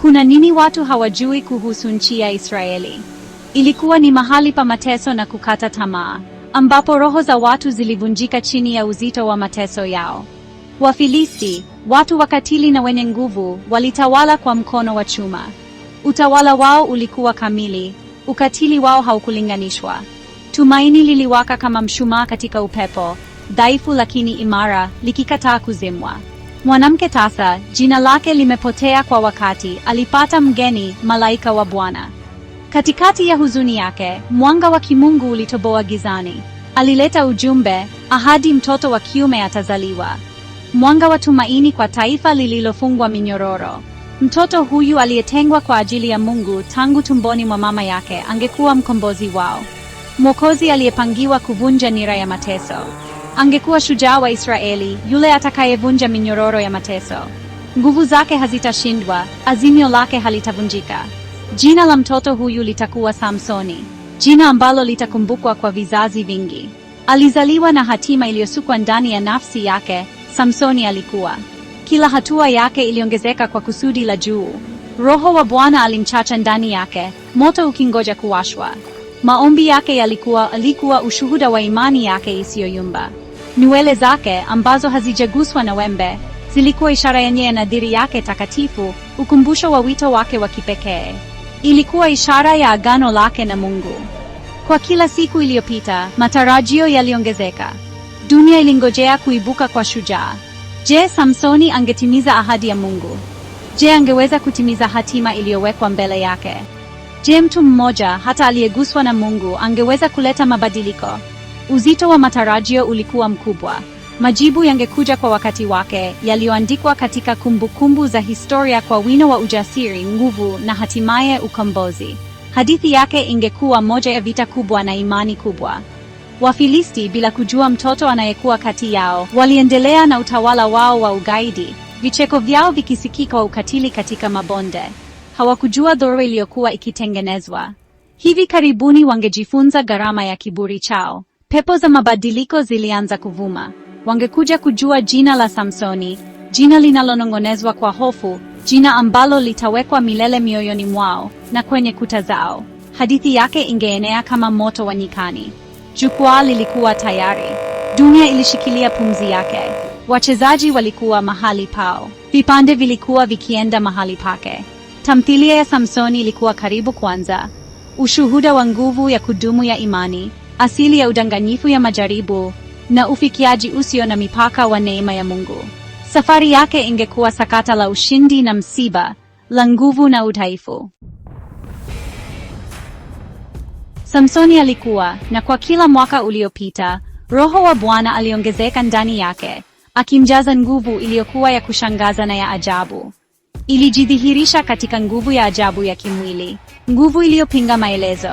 Kuna nini watu hawajui kuhusu nchi ya Israeli? Ilikuwa ni mahali pa mateso na kukata tamaa, ambapo roho za watu zilivunjika chini ya uzito wa mateso yao. Wafilisti, watu wakatili na wenye nguvu, walitawala kwa mkono wa chuma. Utawala wao ulikuwa kamili, ukatili wao haukulinganishwa. Tumaini liliwaka kama mshumaa katika upepo, dhaifu lakini imara, likikataa kuzimwa. Mwanamke tasa, jina lake limepotea kwa wakati, alipata mgeni, malaika wa Bwana. Katikati ya huzuni yake, mwanga wa kimungu ulitoboa gizani. Alileta ujumbe, ahadi, mtoto wa kiume atazaliwa. Mwanga wa tumaini kwa taifa lililofungwa minyororo. Mtoto huyu aliyetengwa kwa ajili ya Mungu tangu tumboni mwa mama yake angekuwa mkombozi wao. Mwokozi aliyepangiwa kuvunja nira ya mateso angekuwa shujaa wa Israeli, yule atakayevunja minyororo ya mateso. Nguvu zake hazitashindwa, azimio lake halitavunjika. Jina la mtoto huyu litakuwa Samsoni, jina ambalo litakumbukwa kwa vizazi vingi. Alizaliwa na hatima iliyosukwa ndani ya nafsi yake. Samsoni alikuwa. Kila hatua yake iliongezeka kwa kusudi la juu. Roho wa Bwana alimchacha ndani yake, moto ukingoja kuwashwa. Maombi yake yalikuwa alikuwa ushuhuda wa imani yake isiyoyumba. Nywele zake ambazo hazijaguswa na wembe zilikuwa ishara yenye ya nadhiri yake takatifu, ukumbusho wa wito wake wa kipekee. Ilikuwa ishara ya agano lake na Mungu. Kwa kila siku iliyopita, matarajio yaliongezeka. Dunia ilingojea kuibuka kwa shujaa. Je, Samsoni angetimiza ahadi ya Mungu? Je, angeweza kutimiza hatima iliyowekwa mbele yake? Je, mtu mmoja hata aliyeguswa na Mungu angeweza kuleta mabadiliko? Uzito wa matarajio ulikuwa mkubwa. Majibu yangekuja kwa wakati wake, yaliyoandikwa katika kumbukumbu za historia kwa wino wa ujasiri, nguvu na hatimaye ukombozi. Hadithi yake ingekuwa moja ya vita kubwa na imani kubwa. Wafilisti, bila kujua mtoto anayekuwa kati yao, waliendelea na utawala wao wa ugaidi, vicheko vyao vikisikika kwa ukatili katika mabonde. Hawakujua dhoro iliyokuwa ikitengenezwa. Hivi karibuni wangejifunza gharama ya kiburi chao. Pepo za mabadiliko zilianza kuvuma. Wangekuja kujua jina la Samsoni, jina linalonong'onezwa kwa hofu, jina ambalo litawekwa milele mioyoni mwao na kwenye kuta zao. Hadithi yake ingeenea kama moto wa nyikani. Jukwaa lilikuwa tayari, dunia ilishikilia pumzi yake. Wachezaji walikuwa mahali pao, vipande vilikuwa vikienda mahali pake. Tamthilia ya Samsoni ilikuwa karibu kuanza, ushuhuda wa nguvu ya kudumu ya imani asili ya udanganyifu ya majaribu na ufikiaji usio na mipaka wa neema ya Mungu. Safari yake ingekuwa sakata la ushindi na msiba, la nguvu na udhaifu. Samsoni alikuwa, na kwa kila mwaka uliopita, Roho wa Bwana aliongezeka ndani yake, akimjaza nguvu iliyokuwa ya kushangaza na ya ajabu. Ilijidhihirisha katika nguvu ya ajabu ya kimwili, nguvu iliyopinga maelezo,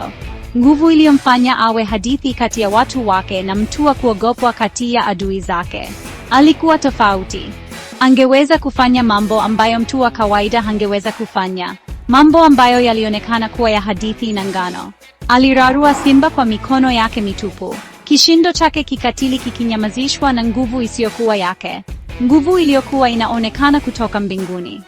nguvu iliyomfanya awe hadithi kati ya watu wake na mtu wa kuogopwa kati ya adui zake. Alikuwa tofauti, angeweza kufanya mambo ambayo mtu wa kawaida hangeweza kufanya, mambo ambayo yalionekana kuwa ya hadithi na ngano. Alirarua simba kwa mikono yake mitupu, kishindo chake kikatili kikinyamazishwa na nguvu isiyokuwa yake, nguvu iliyokuwa inaonekana kutoka mbinguni.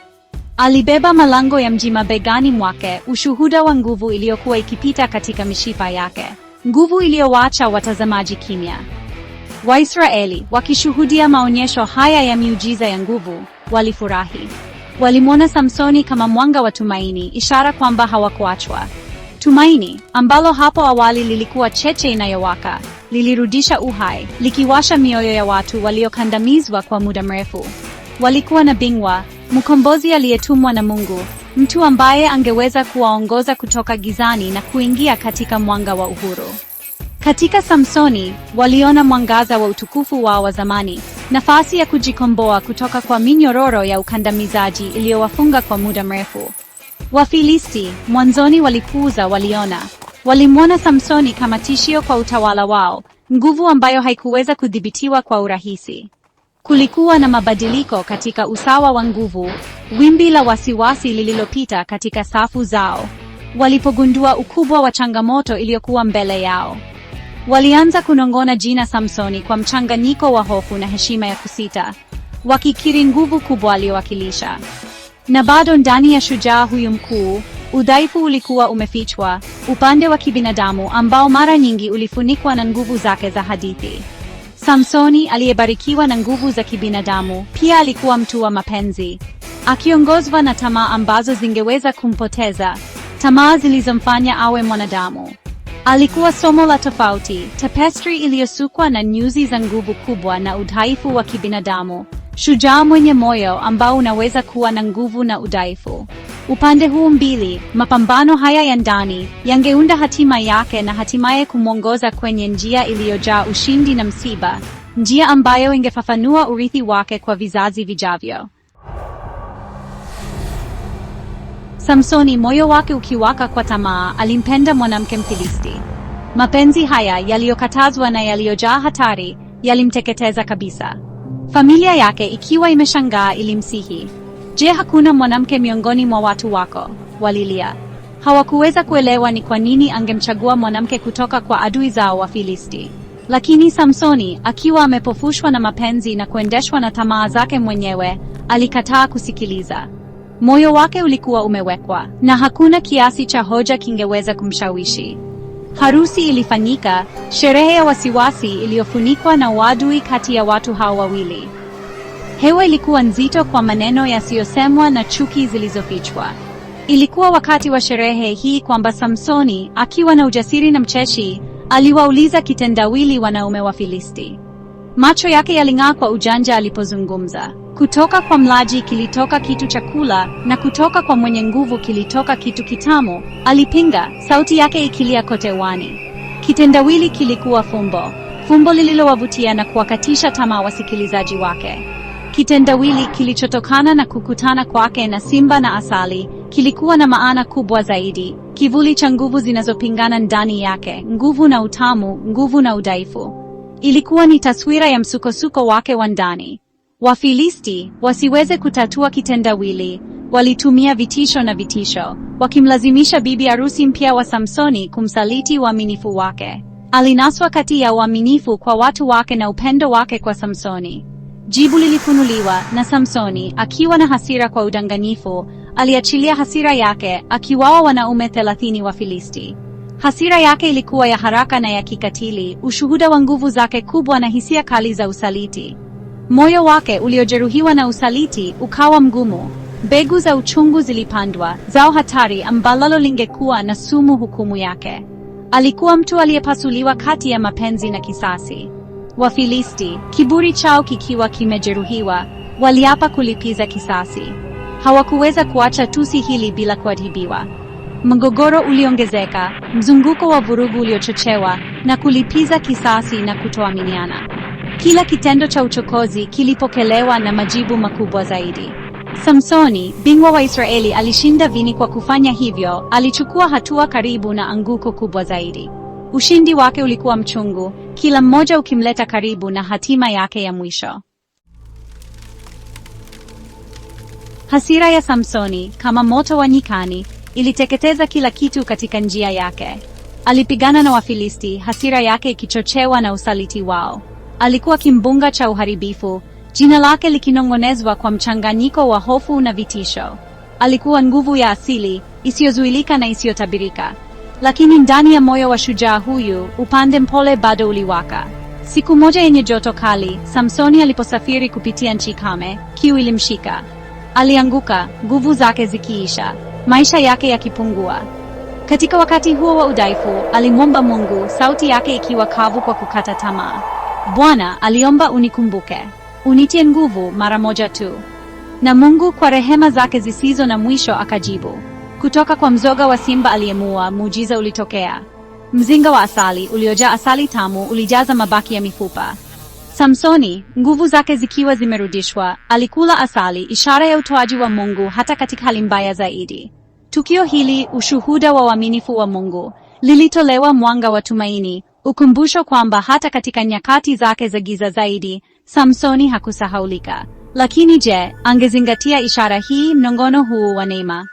Alibeba malango ya mji mabegani mwake, ushuhuda wa nguvu iliyokuwa ikipita katika mishipa yake, nguvu iliyowaacha watazamaji kimya. Waisraeli wakishuhudia maonyesho haya ya miujiza ya nguvu walifurahi. Walimwona Samsoni kama mwanga wa tumaini, ishara kwamba hawakuachwa. Tumaini ambalo hapo awali lilikuwa cheche inayowaka lilirudisha uhai, likiwasha mioyo ya watu waliokandamizwa kwa muda mrefu. Walikuwa na bingwa mkombozi aliyetumwa na Mungu, mtu ambaye angeweza kuwaongoza kutoka gizani na kuingia katika mwanga wa uhuru. Katika Samsoni waliona mwangaza wa utukufu wao wa zamani, nafasi ya kujikomboa kutoka kwa minyororo ya ukandamizaji iliyowafunga kwa muda mrefu. Wafilisti mwanzoni walipuuza waliona, walimwona Samsoni kama tishio kwa utawala wao, nguvu ambayo haikuweza kudhibitiwa kwa urahisi. Kulikuwa na mabadiliko katika usawa wa nguvu, wimbi la wasiwasi lililopita katika safu zao. Walipogundua ukubwa wa changamoto iliyokuwa mbele yao, walianza kunongona jina Samsoni kwa mchanganyiko wa hofu na heshima ya kusita, wakikiri nguvu kubwa aliyowakilisha. Na bado ndani ya shujaa huyu mkuu, udhaifu ulikuwa umefichwa, upande wa kibinadamu ambao mara nyingi ulifunikwa na nguvu zake za hadithi. Samsoni aliyebarikiwa na nguvu za kibinadamu, pia alikuwa mtu wa mapenzi, akiongozwa na tamaa ambazo zingeweza kumpoteza, tamaa zilizomfanya awe mwanadamu. Alikuwa somo la tofauti, tapestri iliyosukwa na nyuzi za nguvu kubwa na udhaifu wa kibinadamu shujaa mwenye moyo ambao unaweza kuwa na nguvu na udhaifu. Upande huu mbili, mapambano haya ya ndani yangeunda hatima yake na hatimaye kumwongoza kwenye njia iliyojaa ushindi na msiba, njia ambayo ingefafanua urithi wake kwa vizazi vijavyo. Samsoni, moyo wake ukiwaka kwa tamaa, alimpenda mwanamke Mfilisti. Mapenzi haya yaliyokatazwa na yaliyojaa hatari yalimteketeza kabisa familia yake ikiwa imeshangaa ilimsihi, je, hakuna mwanamke miongoni mwa watu wako? Walilia. Hawakuweza kuelewa ni kwa nini angemchagua mwanamke kutoka kwa adui zao wa Filisti. Lakini Samsoni, akiwa amepofushwa na mapenzi na kuendeshwa na tamaa zake mwenyewe, alikataa kusikiliza. Moyo wake ulikuwa umewekwa, na hakuna kiasi cha hoja kingeweza kumshawishi. Harusi ilifanyika, sherehe ya wasiwasi iliyofunikwa na uadui kati ya watu hao wawili. Hewa ilikuwa nzito kwa maneno yasiyosemwa na chuki zilizofichwa. Ilikuwa wakati wa sherehe hii kwamba Samsoni, akiwa na ujasiri na mcheshi, aliwauliza kitendawili wanaume wa Filisti. Macho yake yaling'aa kwa ujanja alipozungumza. Kutoka kwa mlaji kilitoka kitu cha kula, na kutoka kwa mwenye nguvu kilitoka kitu kitamu, alipinga, sauti yake ikilia kote wani. Kitendawili kilikuwa fumbo, fumbo lililowavutia na kuwakatisha tamaa wasikilizaji wake. Kitendawili kilichotokana na kukutana kwake na simba na asali kilikuwa na maana kubwa zaidi, kivuli cha nguvu zinazopingana ndani yake, nguvu na utamu, nguvu na udhaifu. Ilikuwa ni taswira ya msukosuko wake wa ndani. Wafilisti wasiweze kutatua kitendawili, walitumia vitisho na vitisho, wakimlazimisha bibi harusi mpya wa Samsoni kumsaliti uaminifu wake. Alinaswa kati ya uaminifu kwa watu wake na upendo wake kwa Samsoni. Jibu lilifunuliwa na Samsoni akiwa na hasira kwa udanganyifu, aliachilia hasira yake akiwawa wanaume thelathini wa Filisti. Hasira yake ilikuwa ya haraka na ya kikatili, ushuhuda wa nguvu zake kubwa na hisia kali za usaliti. Moyo wake uliojeruhiwa na usaliti ukawa mgumu. Mbegu za uchungu zilipandwa, zao hatari ambalo lingekuwa na sumu hukumu yake. Alikuwa mtu aliyepasuliwa kati ya mapenzi na kisasi. Wafilisti, kiburi chao kikiwa kimejeruhiwa, waliapa kulipiza kisasi. Hawakuweza kuacha tusi hili bila kuadhibiwa. Mgogoro uliongezeka, mzunguko wa vurugu uliochochewa na kulipiza kisasi na kutoaminiana. Kila kitendo cha uchokozi kilipokelewa na majibu makubwa zaidi. Samsoni, bingwa wa Israeli, alishinda Vini kwa kufanya hivyo, alichukua hatua karibu na anguko kubwa zaidi. Ushindi wake ulikuwa mchungu, kila mmoja ukimleta karibu na hatima yake ya mwisho. Hasira ya Samsoni, kama moto wa nyikani, iliteketeza kila kitu katika njia yake. Alipigana na Wafilisti, hasira yake ikichochewa na usaliti wao alikuwa kimbunga cha uharibifu, jina lake likinong'onezwa kwa mchanganyiko wa hofu na vitisho. Alikuwa nguvu ya asili isiyozuilika na isiyotabirika, lakini ndani ya moyo wa shujaa huyu upande mpole bado uliwaka. Siku moja yenye joto kali, Samsoni aliposafiri kupitia nchi kame, kiu ilimshika. Alianguka, nguvu zake zikiisha, maisha yake yakipungua. Katika wakati huo wa udhaifu, alimwomba Mungu, sauti yake ikiwa kavu kwa kukata tamaa. Bwana aliomba unikumbuke, unitie nguvu mara moja tu. Na Mungu kwa rehema zake zisizo na mwisho akajibu. Kutoka kwa mzoga wa simba aliyemua muujiza ulitokea. Mzinga wa asali uliojaa asali tamu ulijaza mabaki ya mifupa. Samsoni, nguvu zake zikiwa zimerudishwa, alikula asali, ishara ya utoaji wa Mungu hata katika hali mbaya zaidi. Tukio hili, ushuhuda wa uaminifu wa Mungu, lilitolewa mwanga wa tumaini ukumbusho kwamba hata katika nyakati zake za giza zaidi, Samsoni hakusahaulika. Lakini je, angezingatia ishara hii, mnongono huu wa neema?